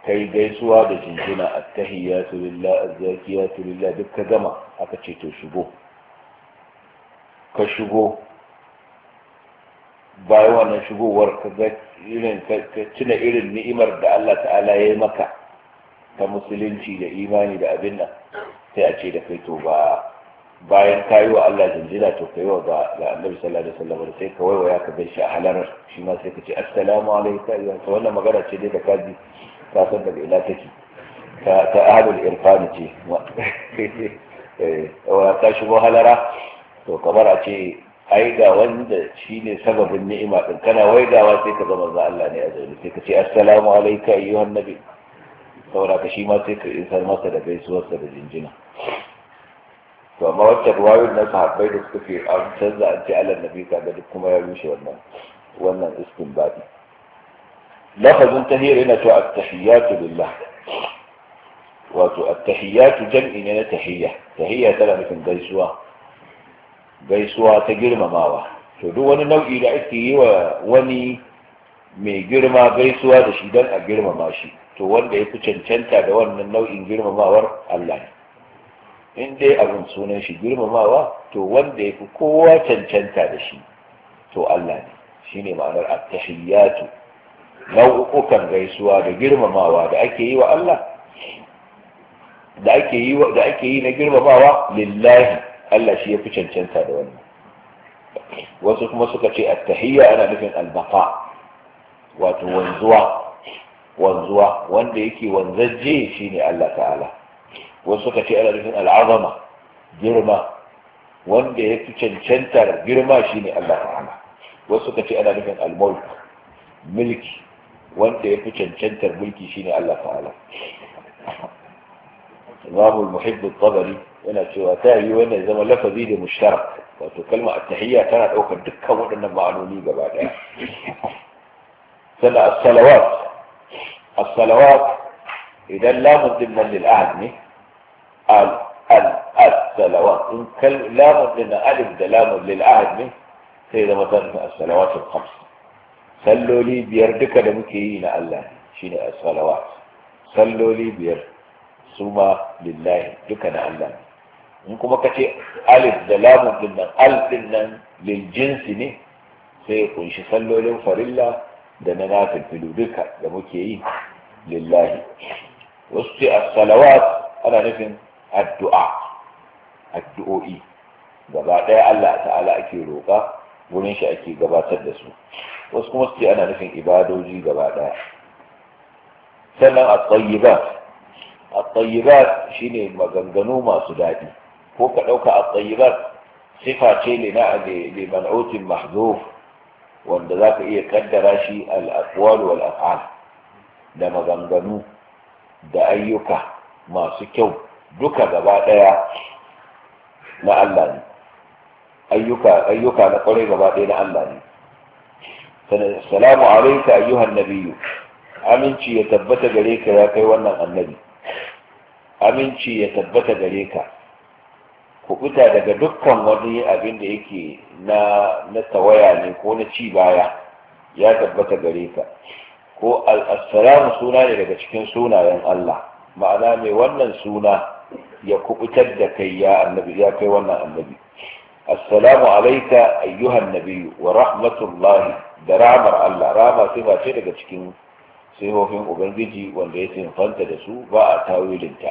kai gaisuwa da jinjina attahiyatu lillah azzakiyatu lillah duk ka gama aka ce to shigo ka shigo bayan wannan shigowar ka irin tuna irin ni'imar da Allah ta'ala ya yi maka ta musulunci da imani da abin nan sai a ce da kai to ba bayan ka yi wa Allah jinjina to ka yi wa ga annabi sallallahu alaihi wasallam sai ka ya ka bai shi a halar shi ma sai ka ce assalamu alaikum ya to wannan magana ce dai da kaji ka san daga ina take ta ta ahlul irfan ce wa eh, ta shigo halara to kamar a ce ai ga wanda shine sababin ni'ima din kana waigawa sai ka zama za Allah ne a zaune sai ka ce assalamu alayka ayyuhan nabi saboda ka shi ma sai ka isar maka da gaisuwarsa da jinjina to amma wacce ruwayoyin na sahabbai da suka fi an canza an ce alal nabi ka ga duk kuma ya rushe wannan wannan istinbadi lafazin tahiyar yana to at-tahiyatu lillah wato at-tahiyatu jam'i ne na tahiyya tahiyya tana nufin gaisuwa gaisuwa ta girmamawa to duk wani nau'i da ake yi wa wani mai girma gaisuwa da shi don a girmama shi to wanda ya fi cancanta da wannan nau'in girmamawar Allah ne in dai abin sunan shi girmamawa to wanda ya fi kowa cancanta da shi to Allah ne shine ma'anar at nau'ukan gaisuwa da girmamawa da ake yi wa Allah da ake yi na girmamawa lillahi Allah shi ya fi cancanta da wannan wasu kuma suka ce attahiyya ana nufin albaqa wato wanzuwa wanzuwa wanda yake wanzaje shine Allah ta'ala wasu suka ce ana nufin al'azama girma wanda ya fi cancantar girma shine Allah ta'ala wasu suka ce ana nufin al-mulk mulki wanda ya fi cancantar mulki shine Allah ta'ala Imam al-Muhibb al-Tabari yana cewa ta yi wannan zama lafazi da mushtara wato kalma at-tahiyya tana daukar dukkan waɗannan ma'anoni gaba ɗaya sannan as-salawat as-salawat idan lamun din nan lil ahad ne al al as-salawat in kal lamun din alif da lamun lil ahad ne sai zama sanin as-salawat al-khams salloli biyar duka da muke yi na Allah shine as-salawat salloli biyar suma lillahi duka na Allah ne in kuma ka ce alif da lamun din nan al din nan lil jinsi ne sai ya kunshi sallolin farilla da na nafilfilu duka da muke yi lillahi wasu ce as-salawat ana nufin addu'a addu'o'i gaba ɗaya Allah ta'ala ake roƙa wurin shi ake gabatar da su wasu kuma su ce ana nufin ibadoji gaba ɗaya sannan a tsayibat a tsayibat shine maganganu masu daɗi فوق لوك الطيبات صفة لنا لمنعوت محذوف وان ذاك ايه قدر شيء الاقوال والافعال ده مغمغمو ده ما سكو دوك دبا ديا ما الله ايوك ايوك انا قولي دبا دينا السلام عليك ايها النبي امنتي يتبت جريك يا كيوانا النبي امنتي يتبت جريك kubuta daga dukkan wani abin da yake na na tawaya ne ko na ci baya ya tabbata gare ka ko al-assalamu suna ne daga cikin sunayen Allah ma'ana mai wannan suna ya kubutar da kai ya annabi ya kai wannan annabi assalamu alayka ayyuhan nabiyyu wa rahmatullahi da ramar Allah rama sifa ce daga cikin sifofin ubangiji wanda ya sinfanta da su ba a tawilinta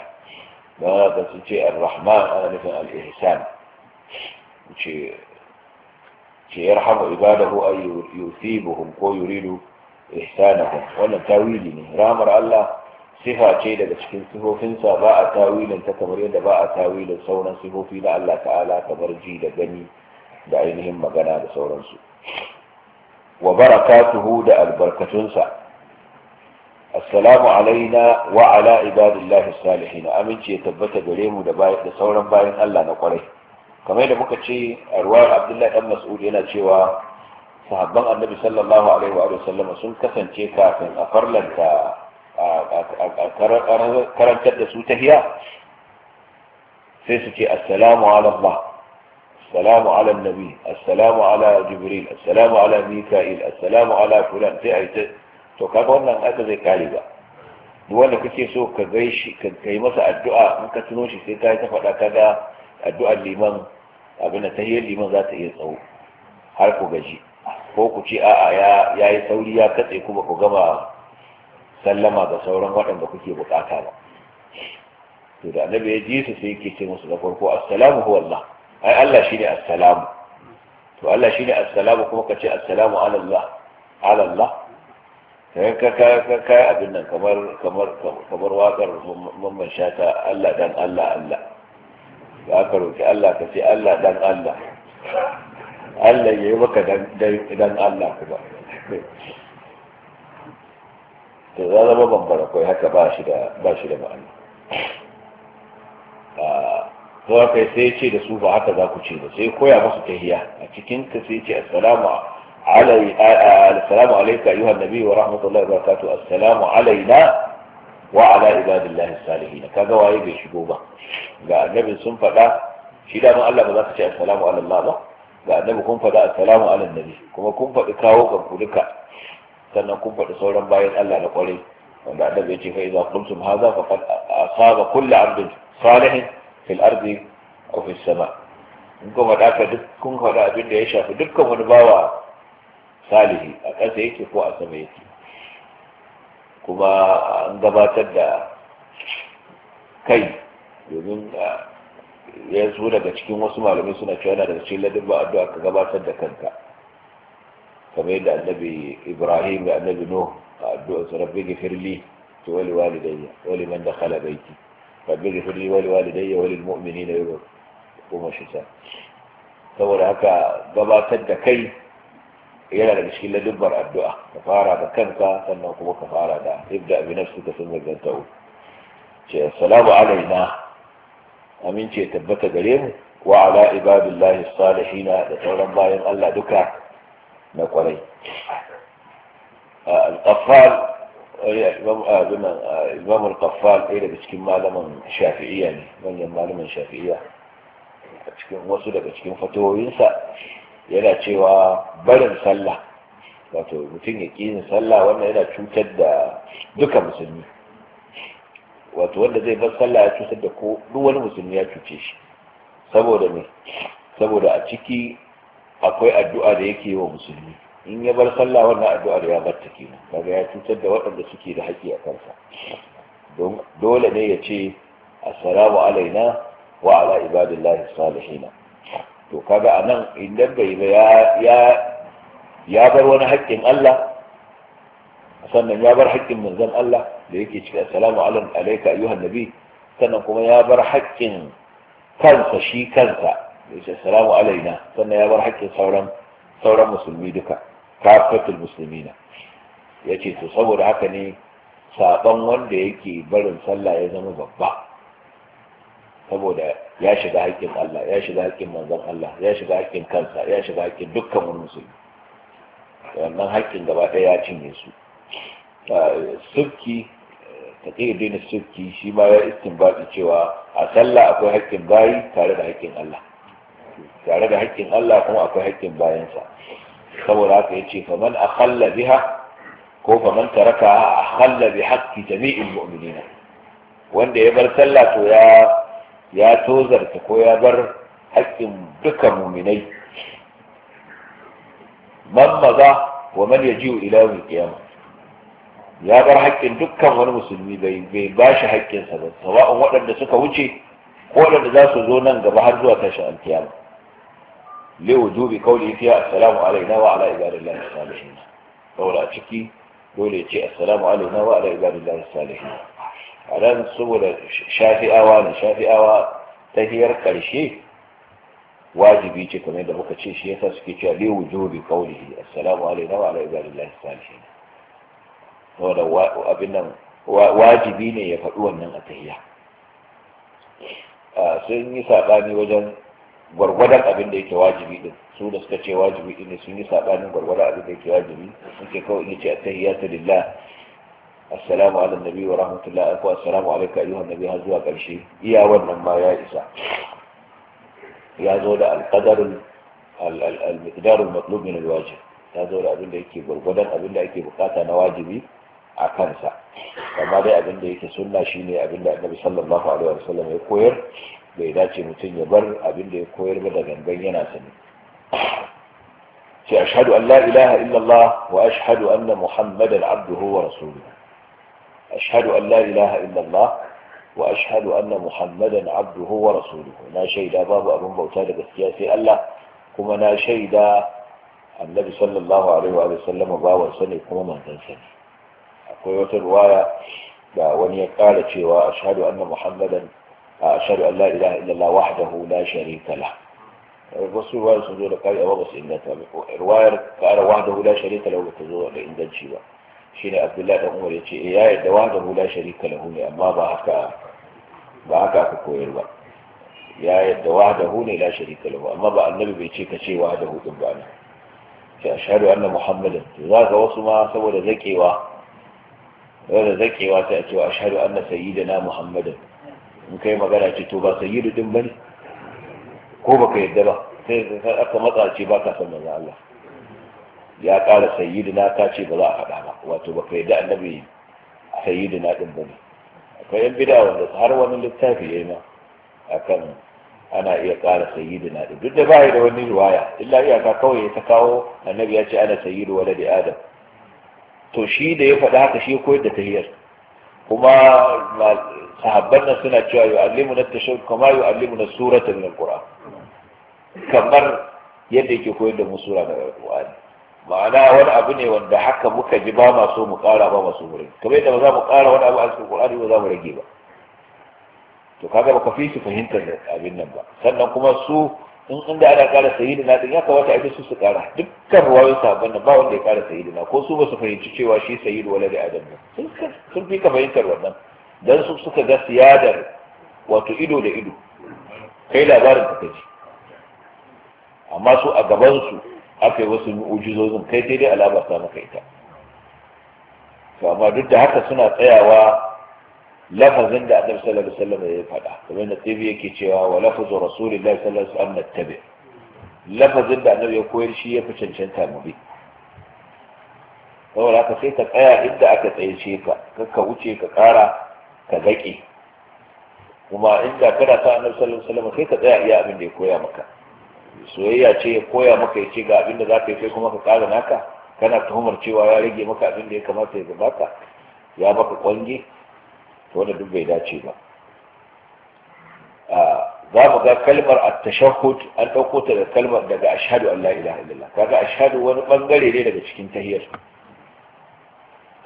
ba ka sun ce ar-rahman ana nufin al-ihsan ce ce ko ibadahu ay yusibuhum ko yuridu ihsanahum wannan tawili ne ramar Allah sifa ce daga cikin sifofinsa ba a tawilin ta kamar yadda ba a tawilin sauran sifofi na Allah ta'ala kamar ji da gani da ainihin magana da sauransu wa barakatuhu da albarkatunsa assalamu alaina wa ala ibadillahi salihin aminci ya tabbata gare mu da sauran bayan Allah na kwarai kamar da muka ce a ruwayar Abdullahi dan Mas'ud yana cewa sahabban Annabi sallallahu alaihi wa sallam sun kasance kafin a farlanta a karantar da su ta tahiya sai su ce assalamu ala Allah السلام على النبي السلام على جبريل السلام على ميكائيل السلام على فلان في أي to kaga wannan aka zai kare ba duk wanda kake so ka gai shi ka kai masa addu'a in ka tuno shi sai ka ta faɗa kaga addu'ar liman abin da tahiyar liman za ta iya tsawo har ku gaji ko ku ce a'a ya ya yi sauri ya katse ku ba ku gama sallama ga sauran waɗanda kuke bukata ba to da annabi ya ji su sai yake ce musu na farko assalamu huwa Allah ai Allah shine assalamu to Allah shine assalamu kuma ka ce assalamu ala Allah ala Allah kayan kaka abin nan kamar wakar mamman shata Allah dan Allah Allah za ka roƙi Allah ka ce Allah dan Allah Allah ya yi maka dan Allah kuma ta za zama bambara kawai haka ba shi da ma'ana ah, to haka sai ce da su ba haka za ku ce ba sai koya masu tahiya a cikin ka sai ce assalamu علي آه، آه، آه، السلام عليك أيها النبي ورحمة الله وبركاته السلام علينا وعلى عباد الله الصالحين كذا وايب شبوبة قال النبي سنفة لا شيدا ما الله بذات شيء السلام على الله ما قال النبي كن فدا السلام على النبي كما كن فدا كاوك كلك سنة كن فدا صورا باين الله لقولي وقال النبي يجي فإذا قلتم هذا فقد أصاب كل عبد صالح في الأرض وفي السماء إنكم فدا كدك كن فدا بنت يشاف دكم ونباوا salihi a ƙasa yake ko a sama yake kuma an gabatar da kai domin ya zo daga cikin wasu malamai suna cewa yana daga cikin ladin ba addu'a ka gabatar da kanka kamar yadda annabi ibrahim da annabi nuh a addu'a su rabbi firli to wali walidayya wali man dakhala baiti rabbi firli wali walidayya wali almu'minina yawm kuma shi sa saboda haka gabatar da kai يلا لا مش دبر الدعاء كفارة بكنكا سنو قوة كفارة ابدأ بنفسك ثم جنتو شيء السلام علينا أمين شيء تبت قريم وعلى عباد الله الصالحين لتولى الله الله دكا نقولي آه، القفال آه، آه، إمام القفال إلى إيه بشكل ما لم شافعي يعني من يمال من شافعية بشكل مصر بشكل فتوه ينسى yana cewa barin sallah wato mutum ya ƙi sallah wannan yana cutar da duka musulmi wato wanda zai bar sallah ya cutar da ko duk wani musulmi ya cuce shi saboda ne saboda a ciki akwai addu'a da yake yi wa musulmi in ya bar sallah wannan addu'ar ya bar ta kenan kaga ya cutar da waɗanda suke da haƙƙi a kansa dole ne ya ce assalamu alaina wa ala ibadillahi salihina to kaga a nan idan bai ba ya bar wani haƙƙin Allah sannan ya bar haƙƙin manzon Allah da yake cikin assalamu alayka ayyuhan nabi sannan kuma ya bar haƙƙin kansa shi kansa da yake assalamu alaina sannan ya bar haƙƙin sauran sauran musulmi duka kafatul muslimina yace to saboda haka ne saban wanda yake barin sallah ya zama babba saboda ya shiga haƙƙin Allah ya shiga haƙƙin manzon Allah ya shiga haƙƙin kansa ya shiga haƙƙin dukkan wani musulmi wannan haƙƙin gaba ɗaya ya cinye su sufki taqiyuddin sufki shi ma ya istinbadi cewa a sallah akwai haƙƙin bayi tare da haƙƙin Allah tare da haƙƙin Allah kuma akwai haƙƙin bayansa saboda haka ce faman akhalla biha ko faman taraka akhalla bi haqqi jami'il mu'minina wanda ya bar sallah to ya ya tozarta ko ya bar haƙƙin duka muminai man maza wa man ya ji wa yawmil kiyama. ya bar haƙƙin dukkan wani musulmi bai bai bashi haƙƙinsa ba sawa'un waɗanda suka wuce ko waɗanda za su zo nan gaba har zuwa tashin alkiyama li wujubi qawli fiha assalamu alayna wa ala ibadillahi salihin saboda a ciki dole ya ce assalamu alayna wa ala ibadillahi salihin ran saboda shafi'awa ne shafi'awa ta hiyar karshe wajibi ce kamar da muka ce shi yasa suke cewa li wujubi qawlihi assalamu alaikum wa ala ibadillahi salihin saboda abin nan wajibi ne ya faɗi wannan a tahiyya ah, sun yi saɓani wajen gwargwadon abin da yake wajibi din su da suka ce wajibi din ne sun yi saɓanin gwargwadon abin da yake wajibi sun ce kawai ne ce a tahiya? ta lillah assalamu ala wa rahmatullahi wa assalamu alayka ayyuhan nabi har zuwa karshe iya wannan ma ya isa ya zo da alqadarul al-miqdarul matlub min al zo da abin da yake gurgurdan abin da ake bukata na wajibi a kansa amma dai abin da yake sunna shine abin da annabi sallallahu alaihi wa sallam ya koyar bai dace mutum ya bar abin da ya koyar ba da yana sani sai ashhadu an illallah wa ashhadu anna muhammadan abduhu wa rasuluhu أشهد أن لا إله إلا الله وأشهد أن محمدا عبده ورسوله نا شيدا باب أبو بوتا daga siyasi Allah kuma na shaida annabi sallallahu alaihi wa sallam bawan ne kuma manzon sa ne akwai wata ruwaya da wani ya kara cewa ashhadu anna muhammadan ashhadu an la ilaha illallah wahdahu la sharika lah wasu ruwayar sun zo da kari a ba su inganta ruwayar kara wahdahu la sharika ta zo da inganci ba shine abdullahi dan umar yace eh ya yadda wa da la sharika lahu ne amma ba haka ba haka aka koyar ba ya yadda wa da hu ne la sharika lahu amma ba annabi bai ce ka ce wa da hu din ba ne ce ashhadu anna muhammadan to za ka wasu ma saboda zakewa saboda zakewa sai a ce ashhadu anna sayyidina muhammadan in kai magana ce to ba sayyidu din bane ko baka yadda ba sai aka matsa ce baka san manzo Allah ya ƙara sayyidina ka ce ba za a faɗa ba wato ba ka yadda annabi sayyidina ɗin ba ne akwai yan bida wanda har wani littafi ya yi ma akan ana iya ƙara sayyidina ɗin duk da ba da wani riwaya illa iyaka kawai ya ta kawo annabi ya ce ana sayyidu wala da adam to shi da ya faɗa haka shi koyar da tahiyar kuma sahabban nan suna cewa yu'allimu na tashahhud kama yu'allimu na surata min alquran kamar yadda yake koyar da mu sura daga alqur'ani ma'ana wani abu ne wanda haka muka ji ba masu mu kara ba masu mu rage kamar yadda ba za mu kara wani abu a cikin Qur'ani ba za mu rage ba to kaga ba ka fi su fahimtar da abin nan ba sannan kuma su in inda ana kara sayidina na din ya kamata a su su kara dukkan ruwayoyin sabon nan ba wanda ya kara sayidina na ko su ba su fahimci cewa shi sayidu wala da adam ne sun fi ka fahimtar wannan dan su suka ga siyadar wato ido da ido kai labarin ka ji amma su a gaban su aka yi wasu mu'ujizozin kai sai dai alaba ta maka ita to amma duk da haka suna tsayawa lafazin da annabi sallallahu alaihi wasallam ya faɗa kamar da tabi yake cewa wa lafazu rasulillahi sallallahu alaihi wasallam nattabi lafazin da annabi ya koyar shi ya fi cancanta mu bi saboda haka sai ka tsaya inda aka tsaye tsayace ka ka wuce ka ƙara ka zaƙe kuma inda kana sa annabi sallallahu alaihi wasallam sai ka tsaya iya abin da ya koya maka soyayya ce ya koya maka ya ce ga abin da za ka yi kai kuma ka ƙara naka kana tuhumar cewa ya rage maka abin da ya kamata ya gabata ya maka kwange to wanda duk bai dace ba ah, za mu ga kalmar a tashahud, an ɗauko ta da kalmar daga ashadu an la'ila ilaha illallah kaga ashadu wani bangare ne daga cikin tahiyar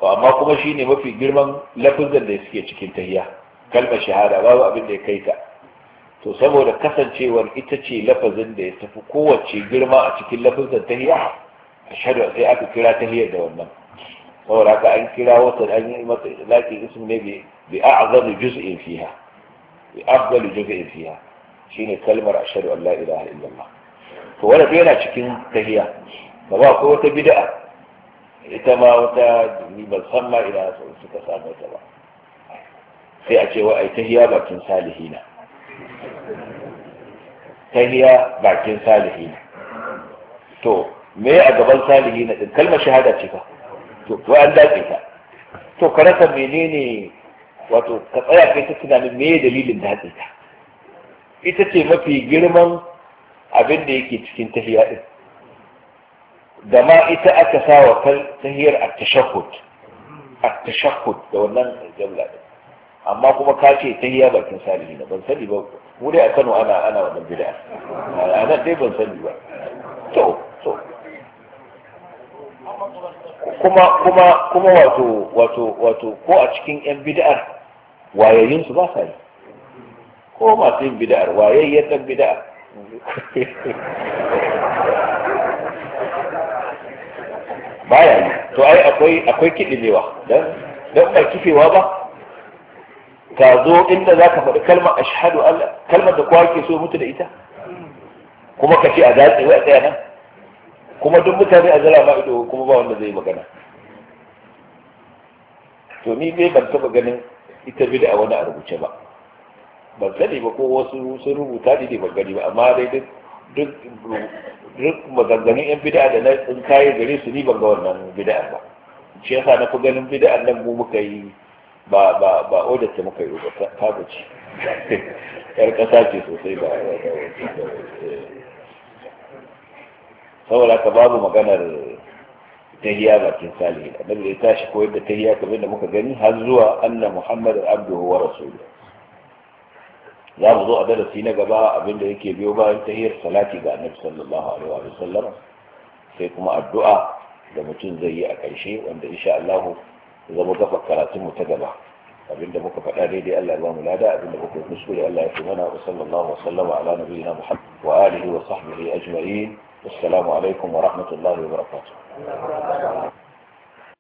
to amma kuma shine mafi girman lafizan da suke cikin tahiya kalmar shahada babu abin da ya kai ta to saboda kasancewar ita ce lafazin da ya tafi kowace girma a cikin lafazin a ashhadu sai aka kira tahiyya da wannan saboda aka an kira wata an yi mata laki ism ne bi bi a'zamu juz'in fiha bi afdalu juz'in fiha shine kalmar a an Allah, ilaha illallah to wanda yana cikin tahiyya ba ba ko wata bid'a ita ma wata ban san ma ina suka samu ta ba sai a ce wa ai tahiya bakin salihina tahiya bakin salihi to me a gaban salihi na din kalmar shahada ce ka, to to an dace ka? to ka rasa menene wato ka tsaya kai ta tunanin me dalilin dace ka? ita ce mafi girman abin da yake cikin tahiya din da ma ita aka sa wa tahiyar at-tashahhud at-tashahhud da wannan jumla din amma kuma ka ce ta hiya bakin salihi na ban sani ba mu dai a Kano ana ana wannan bid'a a nan dai ban sani ba to to kuma kuma kuma wato wato wato ko a cikin yan bid'ar wayayin su ba sa yi ko masu yin bid'ar wayayyen dan bid'a baya ne. to ai akwai akwai kidimewa dan dan ba kifewa ba ka zo inda za ka faɗi kalmar ashhadu Allah kalmar da kowa ke so mutu da ita kuma ka ce a zaɓe wa a tsaya nan kuma duk mutane a zara ma ido kuma ba wanda zai magana to ni dai ban taɓa ganin ita bi a wani a rubuce ba ban sani ba ko wasu sun rubuta ne ban gani ba amma dai duk duk duk maganganun yan bid'a da na tsinkaye gare su ni ban ga wannan bid'a ba shi yasa na fi ganin bid'an nan mu muka yi ba odar ta muka yi ba ta yar kasa ce sosai ba saboda ka babu maganar tahiya bakin salihin annabi ya tashi koyar da tahiya kamar da muka gani har zuwa anna muhammadin abduhu wa rasuluhu za mu zo a darasi na gaba abinda yake biyo bayan tahiyar salati ga annabi sallallahu alaihi wa sallam sai kuma addu'a da mutum zai yi a ƙarshe wanda insha Allah إذا متفكرات متجمع فبين دمك فتاني دي ألا الوام الأداء بين دمك نسبة ألا يتمنى وصلى الله وسلم على نبينا محمد وآله وصحبه أجمعين والسلام عليكم ورحمة الله وبركاته